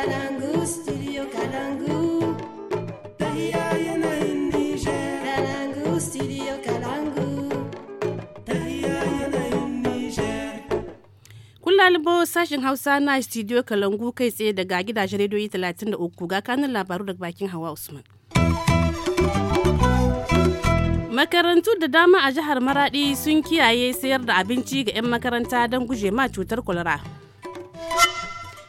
Kalangu, sashen Hausa na studio Kalangu kai tsaye daga gidajen rediyo 33 ga kanun labaru daga bakin Hawa Usman. Makarantu da dama a jihar Maradi sun kiyaye sayar da abinci ga 'yan makaranta don guje ma cutar kwalara.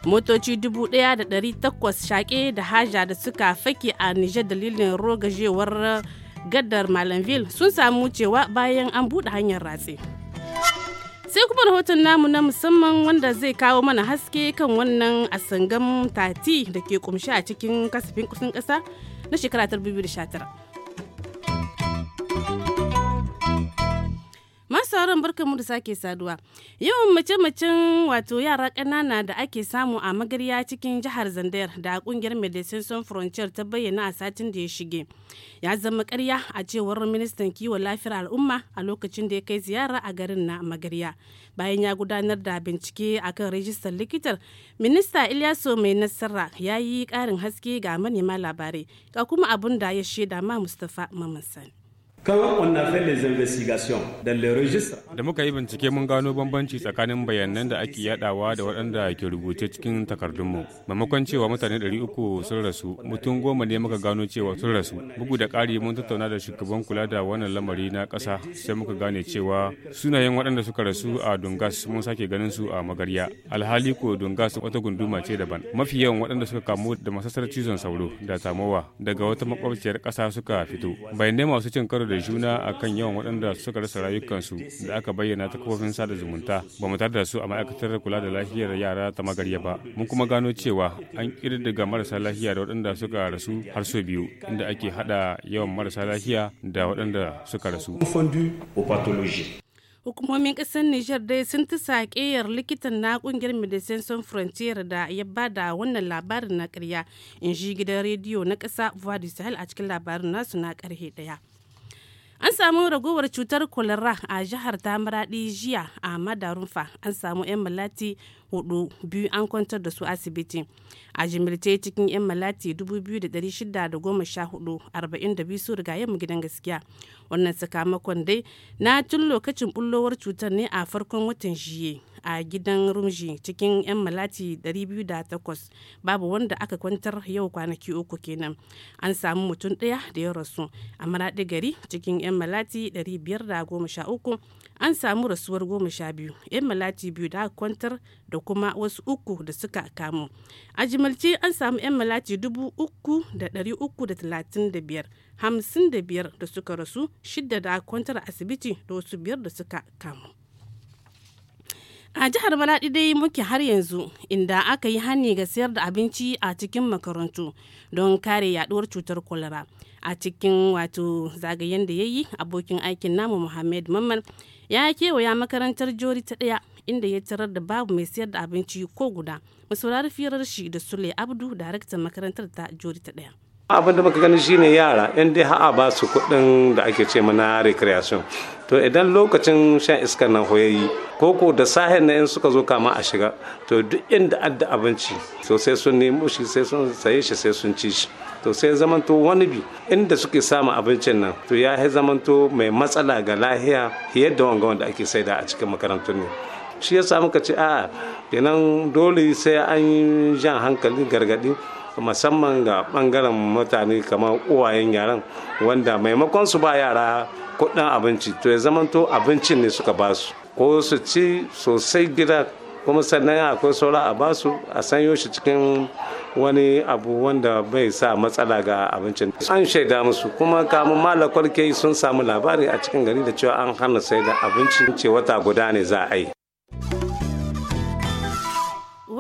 motoci 1,800 shaƙe da haja da suka fake a nijar dalilin rogajewar gadar malamville sun samu cewa bayan an buɗe hanyar ratse sai kuma rahoton namu na musamman wanda zai kawo mana haske kan wannan asangan tati da ke kumshi a cikin kasafin kusan ƙasa na shekara 2019 sauran mu da sake saduwa. Yawan mace-macen wato yara ƙanana da ake samu a magarya cikin jihar Zandayar da kungiyar Medecins Sans Frontier ta bayyana a satin da ya shige. Ya zama karya a cewar ministan kiwon lafiyar al'umma a lokacin da ya kai ziyara a garin na magarya. Bayan ya gudanar da bincike a kan rajistar likitar, minista Ilyaso mai nasara ya yi ƙarin haske ga manema labarai ga kuma abun da ya shaida ma Mustapha Mamansani. Da muka yi bincike mun gano bambanci tsakanin bayanan da ake yadawa da waɗanda ke rubuce cikin takardunmu. Maimakon cewa mutane 300 sun rasu, mutum goma ne muka gano cewa sun rasu. Bugu da ƙari mun tattauna da shugaban kula da wannan lamari na ƙasa sai muka gane cewa sunayen waɗanda suka rasu a Dungas mun sake ganin su a Magarya. Alhali ko Dungas wata gunduma ce daban. Mafi yawan waɗanda suka kamu da masasar cizon sauro da tamowa daga wata makwabciyar ƙasa suka fito. Bayanai masu cin karo da juna akan yawan waɗanda suka rasa rayukansu da aka bayyana ta kafofin sada zumunta ba mu da su a ma'aikatar kula da lafiyar yara ta magarya ba mun kuma gano cewa an daga marasa lafiya da waɗanda suka rasu har so biyu inda ake haɗa yawan marasa lafiya da waɗanda suka rasu hukumomin ƙasar Nijar dai sun ta saƙeyar likitan na ƙungiyar Medecins Sans Frontier da ya ba da wannan labarin na ƙarya in ji gidan rediyo na ƙasa Voix du Sahel a cikin labarin nasu na ƙarhe ɗaya. an samu ragowar cutar kwalara a jihar tamaradi jiya a madarunfa an samu 'yan malati hudu biyu an kwantar da su asibiti a jimirce cikin 'yan malati 2,614 su riga yamma gidan gaskiya wannan sakamakon dai na tun lokacin bullowar cutar ne a farkon watan jiye a gidan rumji cikin 'yan malati 208 babu wanda aka kwantar yau kwanaki uku kenan an samu mutum ɗaya da ya rasu a maraɗi gari cikin 'yan malati 513 an samu rasuwar goma sha 'yan malati biyu da aka kwantar da kuma wasu uku da suka kamu a jimalce an samu 'yan malati dubu uku da suka rasu shidda da kwantar asibiti da wasu biyar da suka kamu a jihar maladi dai muke har yanzu inda aka yi hanni ga sayar da abinci a cikin makarantu don kare yaduwar cutar kwalara a cikin wato zagayen da ya yi abokin aikin namu muhammed mamman ya kewaya makarantar jori ta daya inda ya tarar da babu mai sayar da abinci ko guda mu firar shi da sule abdu daraktan makarantar ta jori ta daya abin da muka gani shine yara in dai ha'a ba su kuɗin da ake ce mana recreation to idan lokacin shan iskar nan hoyayi koko da sahen na in suka zo kama a shiga to duk inda adda abinci to sai sun nemo shi sai sun saye shi sai sun ci shi to sai zamanto wani bi inda suke samun abincin nan to ya zamanto mai matsala ga lahiya da wanga wanda ake saida a cikin makarantun ne shi samu ka ce a kenan dole sai an yi jan hankali gargadi musamman ga bangaren mutane kamar uwayen yaran wanda maimakon su ba yara kudin abinci to ya zamanto abincin ne suka ba su ko su ci sosai gida kuma sannan akwai saura a basu a sanyo shi cikin wani abu wanda bai sa matsala ga abincin an shaida musu kuma kamun malakwar sun samu labari a cikin gari da cewa an hana sai da abincin ce wata guda ne za a yi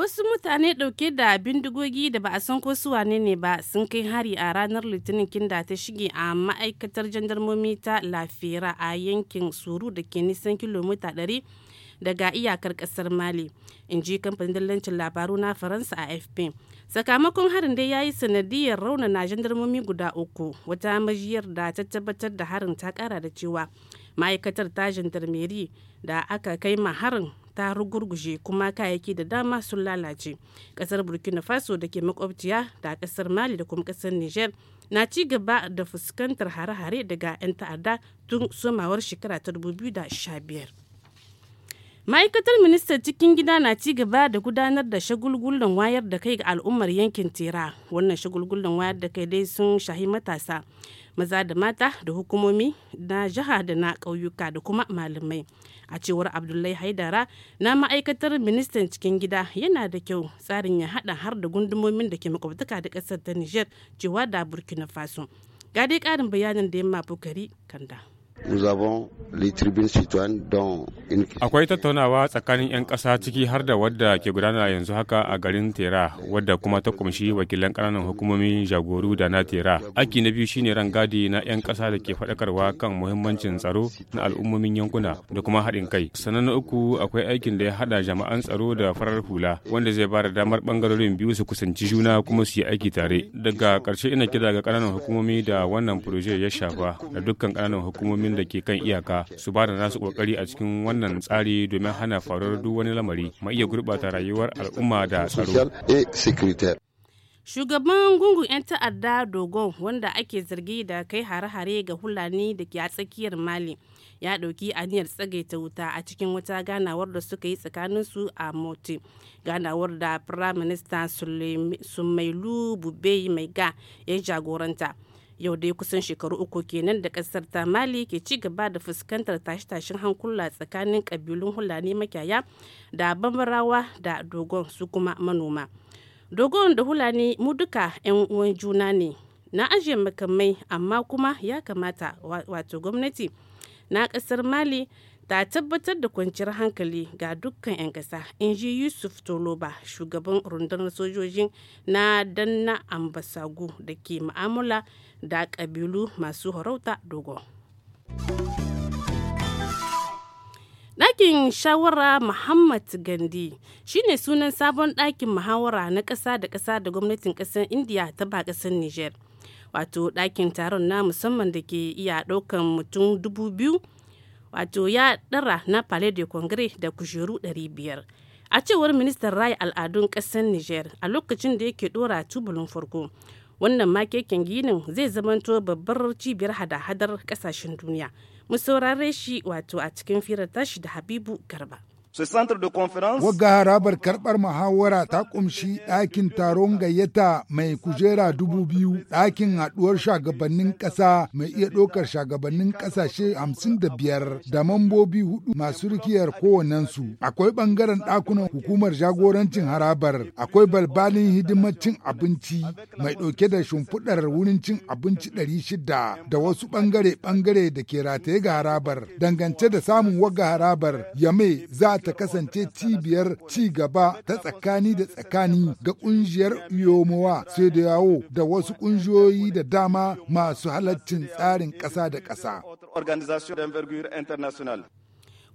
wasu mutane dauke da bindigogi da ba a san ko su wane ne ba sun kai hari a ranar litinin kinda ta shige a ma'aikatar jandarmomi ta lafiyara a yankin suru da ke nisan kilomita 100 daga iyakar kasar mali in ji kamfanin dillancin labaru na faransa a fp sakamakon harin dai ya yi sanadiyar na jandarmomi guda uku wata majiyar da ta tabbatar da harin ta kara da cewa ma'aikatar ta jandarmeri da aka kai ma harin ta rugurguje kuma kayayyaki da dama sun lalace kasar burkina faso da ke makwabciya da kasar mali da kuma kasar niger na ci gaba da fuskantar hare-hare daga 'yan ta'adda tun somawar shekara ta biyar. ma'aikatar ministan cikin gida na ci gaba da gudanar da shagulgulan wayar da kai ga al'ummar yankin tera wannan shagulgulan wayar da kai dai sun shahi matasa maza da mata da hukumomi na jiha da na ƙauyuka da kuma malamai a cewar abdullahi haidara na ma'aikatar ministan cikin gida yana da kyau tsarin ya haɗa har da gundumomin da ke makwabtaka da ƙasar ta niger cewa da burkina faso ga dai ƙarin bayanin da yamma bukari kanda Akwai tattaunawa tsakanin 'yan ƙasa ciki har da wadda ke gudana yanzu haka a garin Tera wadda kuma ta kumshi wakilan ƙananan hukumomin Jagoru da na Tera. Aki na biyu shine rangadi na 'yan ƙasa da ke faɗakarwa kan muhimmancin tsaro na al'ummomin yankuna da kuma haɗin kai. Sannan na uku akwai aikin da ya haɗa jama'an tsaro da farar hula wanda zai bada damar ɓangarorin biyu su kusanci juna kuma su yi aiki tare. Daga ƙarshe ina kira ga ƙananan hukumomi da wannan ya shafa da dukkan ƙananan hukumomin da ke kan iyaka su ba da nasu ƙoƙari a cikin wannan tsari domin hana faruwar duk wani lamari mai iya gurbata rayuwar al'umma da tsaro. Shugaban gungun 'yan ta'adda Dogon wanda ake zargi da kai hare-hare ga Hulani da ke a tsakiyar Mali ya ɗauki aniyar tsagaita wuta a cikin wata ganawar da suka yi tsakanin su a Moti. Ganawar da Firaminista Sumailu mai Maiga ya jagoranta. yau dai kusan shekaru uku kenan da kasar ta mali ke ci gaba da fuskantar tashe-tashen hankula tsakanin kabilun hulani makyaya da bambarawa da dogon su kuma manoma dogon da hulani mu duka 'yan uwan juna ne na ajiye makamai amma kuma ya kamata wato gwamnati na kasar mali ta tabbatar da kwanciyar hankali ga dukkan 'yan ƙasa in ji yusuf toloba shugaban rundunar sojoji na danna ambasagu da ke ma'amula da ƙabilu masu harauta dogon ɗakin shawara muhammad gandi shine sunan sabon ɗakin muhawara na ƙasa da ƙasa da gwamnatin ƙasar indiya ta ba ƙasar niger wato ɗakin taron na musamman da ke iya ɗaukan mutum dubu biyu wato ya ɗara na palais de congrès da kujeru 500 a cewar ministan raya al'adun ƙasar niger a lokacin da yake ɗora tubulin farko wannan makekin ginin zai zamanto babbar cibiyar hada-hadar ƙasashen duniya mu saurare shi wato a cikin firar tashi da habibu garba Wagga harabar karɓar muhawara ta ƙumshi ɗakin taron gayyata mai kujera dubu biyu, ɗakin haɗuwar shagabannin ƙasa mai iya ɗaukar shagabannin ƙasashe hamsin da biyar da mambobi hudu masu rikiyar kowannensu. Akwai ɓangaren ɗakunan hukumar jagorancin harabar, akwai balbalin hidimar cin abinci mai ɗauke da shimfiɗar wurin cin abinci ɗari shida da wasu ɓangare-ɓangare da ke rataye ga harabar. Dangance da samun wagga harabar, Yame za ta kasance cibiyar ci gaba ta tsakani da tsakani ga ƙungiyar Yomowa sai da yawo da wasu ƙungiyoyi da dama masu halaccin tsarin ƙasa da ƙasa.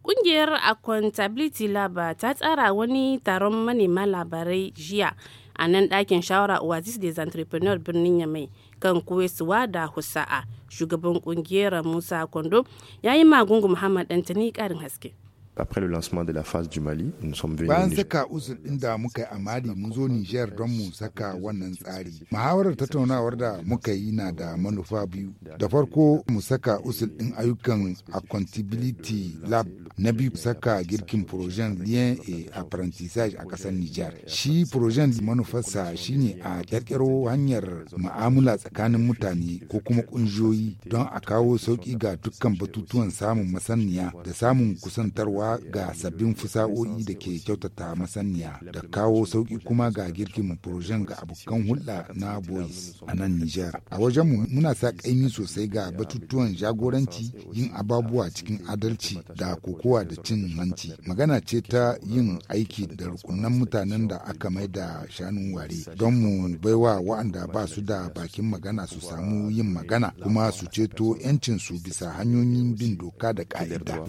Ƙungiyar Accountability Lab ta tsara wani taron manema labarai jiya a nan ɗakin shawara Oasis des Entrepreneurs birnin Yamai kan kuwesuwa da Husa'a. Shugaban ƙungiyar Musa Kondo ya yi magungu Muhammad Dantani ƙarin haske. après le lancement de la phase du Mali, nous sommes venus. Bayan saka usul ɗin da muka yi a Mali, mun zo Niger don mu saka wannan tsari. Muhawarar tattaunawar da muka yi na da manufa biyu. Da farko mu saka usul ɗin ayyukan accountability lab na biyu saka girkin projen lien et apprentissage a ƙasar Niger. Shi projen manufarsa shine a ƙirƙiro hanyar mu'amala tsakanin mutane ko kuma ƙungiyoyi don a kawo sauƙi ga dukkan batutuwan samun masaniya da samun kusantarwa taimakawa ga sabbin fusa'o'i da ke kyautata masaniya da kawo sauki kuma ga girkin furojen ga abokan hulɗa na boys a nan Nijar. A wajen mu muna sa ƙaimi sosai ga batutuwan jagoranci yin ababuwa cikin adalci da kokowa da cin hanci. Magana ce ta yin aiki da rukunan mutanen da aka mai da shanu ware don mu baiwa wa'anda ba su da bakin magana su samu yin magana kuma su ceto 'yancinsu bisa hanyoyin bin doka da ƙa'ida.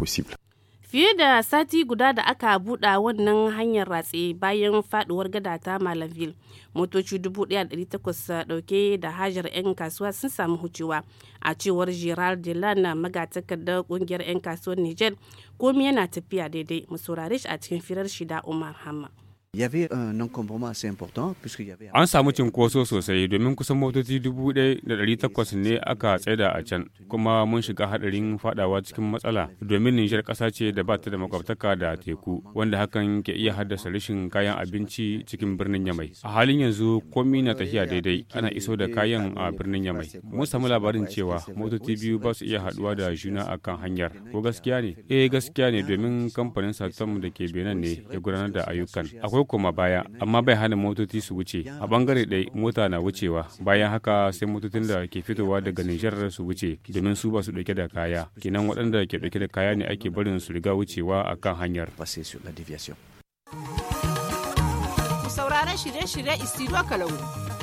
possible. Fiye da sati guda da aka buɗa wannan hanyar ratse bayan faduwar gada ta Malamville, motoci 1,800 ɗauke da hajar 'yan kasuwa sun samu hucewa a cewar Gerard magatakar magatakardar ƙungiyar 'yan kasuwar Niger, komi yana tafiya daidai, mu saurare a cikin firar shida Umar Hamma. An samu cinkoso sosai domin kusan motoci 1,800 ne aka tsaida a can, kuma mun shiga hadarin fadawa cikin matsala domin Nijar ƙasa ce da ba ta da makwabtaka da teku, wanda hakan ke iya haddasa rashin kayan abinci cikin birnin Yamai. A halin yanzu komi na tafiya daidai ana iso da kayan a birnin Yamai. Mun samu labarin cewa motoci biyu ba su iya haduwa da juna a kan hanyar. Ko gaskiya ne? Eh gaskiya ne domin kamfanin Satom da ke Benin ne ya gudanar da ayyukan. Akwai akwai koma baya amma bai hana motoci su wuce a bangare ɗaya mota na wucewa bayan haka sai motocin da ke fitowa daga nijar su wuce domin su ba su ɗauke da kaya kenan waɗanda ke ɗauke da kaya ne ake barin su riga wucewa a kan hanyar sauraron shirye-shirye istiro kalau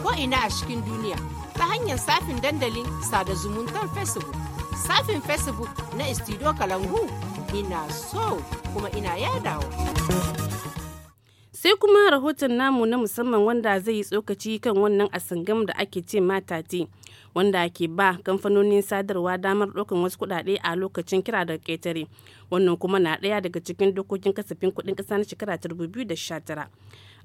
ko ina a cikin duniya ta hanyar safin dandalin sada zumuntar facebook safin facebook na istiro kalangu ina so kuma ina yadawa. sai kuma rahoton namu na musamman wanda zai yi tsokaci kan wannan asangam da ake ce matate wanda ke ba kamfanonin sadarwa damar ɗaukan wasu kuɗaɗe a lokacin kira daga ƙetare wannan kuma na ɗaya daga cikin dokokin kasafin kuɗin ƙasa na shekara ta 2019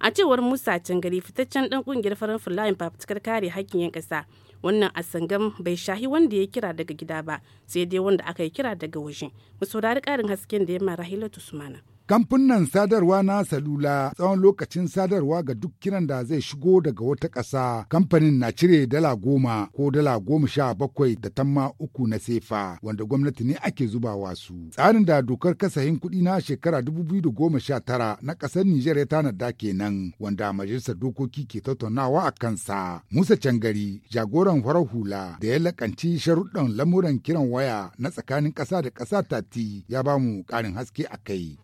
a cewar musa cangari fitaccen ɗan ƙungiyar farin fulayin fafutukar kare haƙƙin 'yan ƙasa wannan asangam bai shahi wanda ya kira daga gida ba sai dai wanda aka yi kira daga waje mu saurari ƙarin hasken da ya mara hilatu sumana Kamfunan sadarwa na salula tsawon lokacin sadarwa ga duk kiran da zai shigo daga wata ƙasa, kamfanin na cire dala goma ko dala goma sha bakwai da tamma uku na sefa, wanda gwamnati ne ake zubawa su. Tsarin da dokar kasahin kuɗi na shekara da goma sha tara na ƙasar Nijar ya tanada kenan, wanda majalisar dokoki ke tattaunawa a kansa. Musa Cangari, jagoran farar hula da ya lakanci sharuɗan lamuran kiran waya na tsakanin ƙasa da ƙasa tati ya bamu ƙarin haske a kai.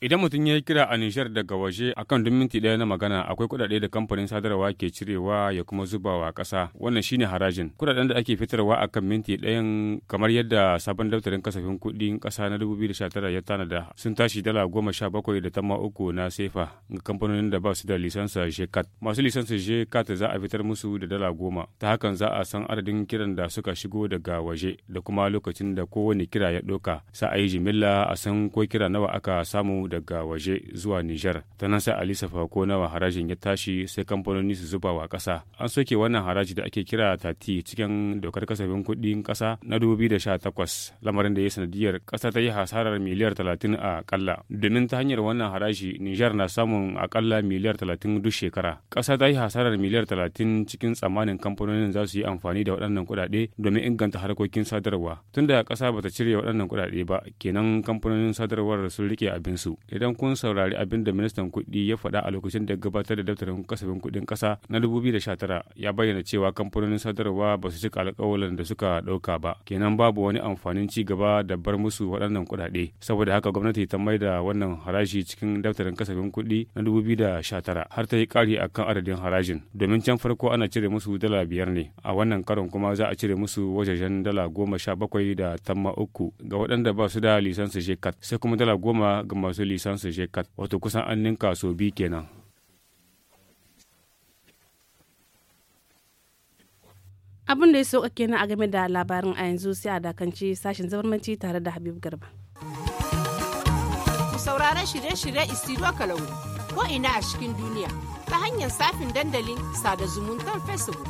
Idan mutum ya yi kira a Nijar daga waje akan duk minti ɗaya na magana akwai kuɗaɗe da kamfanin sadarwa ke cirewa ya kuma zubawa ƙasa wannan shine harajin. Kuɗaɗen da ake fitarwa akan minti ɗayan kamar yadda sabon daftarin kasafin kuɗin ƙasa na 2019 ya tanada sun tashi dala goma sha bakwai da tamma uku na sefa ga kamfanonin da ba su da lisansa jekat Masu lisansa jekat za a fitar musu da dala goma ta hakan za a san adadin kiran da suka shigo daga waje da kuma lokacin da kowane kira ya ɗauka sa a yi jimilla a san ko kira nawa aka samu daga waje zuwa Nijar. Ta nan sai Alisa Fako nawa harajin ya tashi sai kamfanoni su zuba wa ƙasa. An soke wannan haraji da ake kira tati cikin dokar kasafin kuɗin ƙasa na 2018 lamarin da ya sanadiyar ƙasa ta yi hasarar miliyar 30 a ƙalla. Domin ta hanyar wannan haraji Nijar na samun aƙalla miliyar 30 duk shekara. Ƙasa ta yi hasarar miliyar 30 cikin tsammanin kamfanonin za su yi amfani da waɗannan kuɗaɗe domin inganta harkokin sadarwa. Tunda ƙasa bata cire waɗannan kuɗaɗe ba kenan kamfanonin sadarwar sun rike abinsu idan kun saurari abin da ministan kuɗi ya faɗa a lokacin da gabatar da daftarin kasafin kuɗin ƙasa na da 2019 ya bayyana cewa kamfanonin sadarwa ba su cika alƙawalin da suka ɗauka ba kenan babu wani amfanin ci gaba da bar musu waɗannan kuɗaɗe saboda haka gwamnati ta mai da wannan haraji cikin daftarin kasafin kuɗi na dubu da 2019 har ta yi ƙari kan adadin harajin domin can farko ana cire musu dala biyar ne a wannan karon kuma za a cire musu wajajen dala goma sha bakwai da tamma uku ga waɗanda ba su da lisansu shekat sai kuma dala goma ga masu lisansu shekat wato kusan an ninka so bi kenan abin da ya sauka kenan a game da labarin a yanzu sai a dakanci sashen zabarmanci tare da habib garba ku saurara shirye-shirye istiro kalangu ko ina a cikin duniya ta hanyar safin dandalin sada zumuntar facebook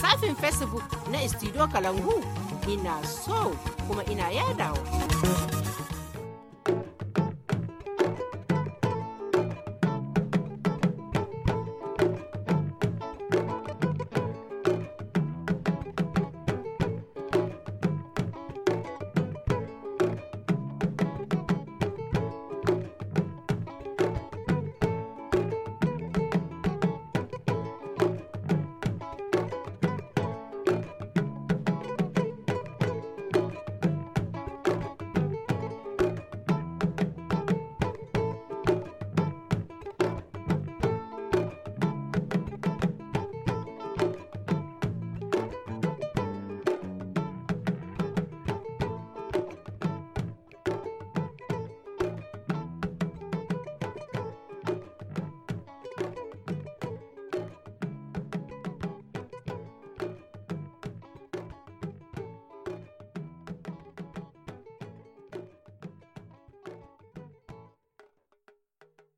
safin facebook na istiro kalangu ina so kuma ina yadawa